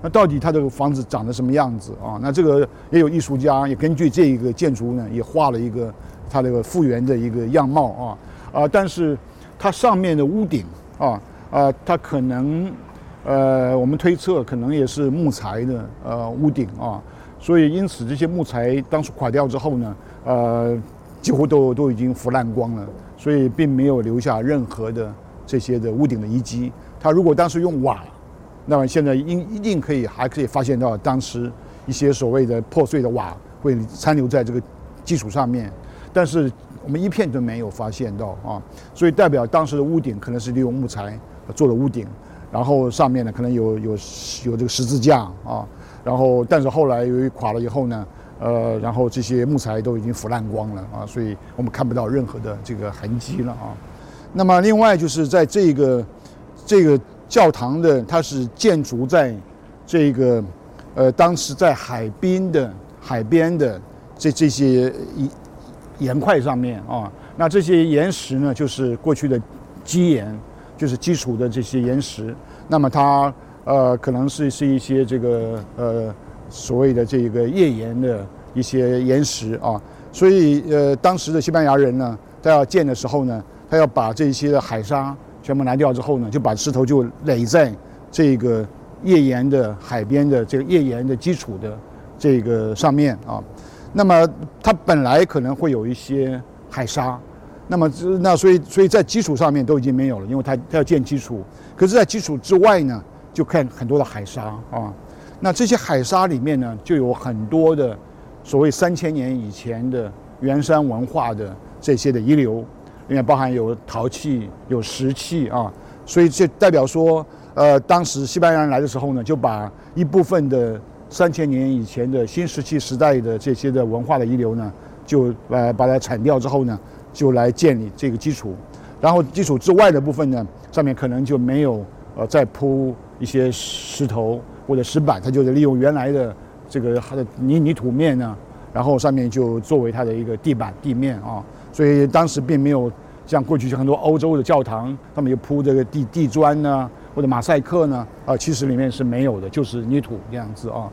那到底它這個房子長得什麼樣子啊？那這個也有藝術家也根據這一個建築物呢，也畫了一個它這個復原的一個樣貌啊啊、呃！但是它上面的屋頂啊啊、呃，它可能呃，我們推測可能也是木材的呃屋頂啊，所以因此這些木材當時垮掉之後呢，呃，幾乎都都已經腐爛光了，所以並沒有留下任何的這些的屋頂的遺跡。它如果當時用瓦。那麼現在應一定可以，還可以發現到當時一些所謂的破碎的瓦會殘留在這個基礎上面，但是我們一片都沒有發現到啊，所以代表當時的屋頂可能是利用木材做了屋頂，然後上面呢可能有有有這個十字架啊，然後但是後來由於垮了以後呢，呃，然後這些木材都已經腐爛光了啊，所以我們看不到任何的這個痕跡了啊。那麼另外就是在這個這個。教堂的，它是建築在這個呃，當時在海濱的海邊的這這些岩塊上面啊。那這些岩石呢，就是過去的基岩，就是基礎的這些岩石。那麼它呃，可能是是一些這個呃，所謂的這個頁岩的一些岩石啊。所以呃，當時的西班牙人呢，他要建的時候呢，他要把這些的海沙。全部拿掉之後呢，就把石頭就壘在這個頁岩的海邊的這個頁岩的基礎的這個上面啊。那麼它本來可能會有一些海沙，那麼那所以所以在基礎上面都已經沒有了，因為它它要建基礎。可是，在基礎之外呢，就看很多的海沙啊。那這些海沙裡面呢，就有很多的所謂三千年以前的圓山文化的這些的遺留。裡面包含有陶器，有石器啊，所以這代表說，呃，當時西班牙人來的時候呢，就把一部分的三千年以前的新石器時代的這些的文化的遺留呢，就來把它鏟掉之後呢，就來建立這個基礎。然後基礎之外的部分呢，上面可能就沒有呃再鋪一些石頭或者石板，它就是利用原來的這個它的泥泥土面呢。然後上面就作為它的一個地板地面啊，所以當時並沒有像過去就很多歐洲的教堂他們就鋪這個地地磚呢，或者馬賽克呢，啊，其實裡面是沒有的，就是泥土這樣子啊。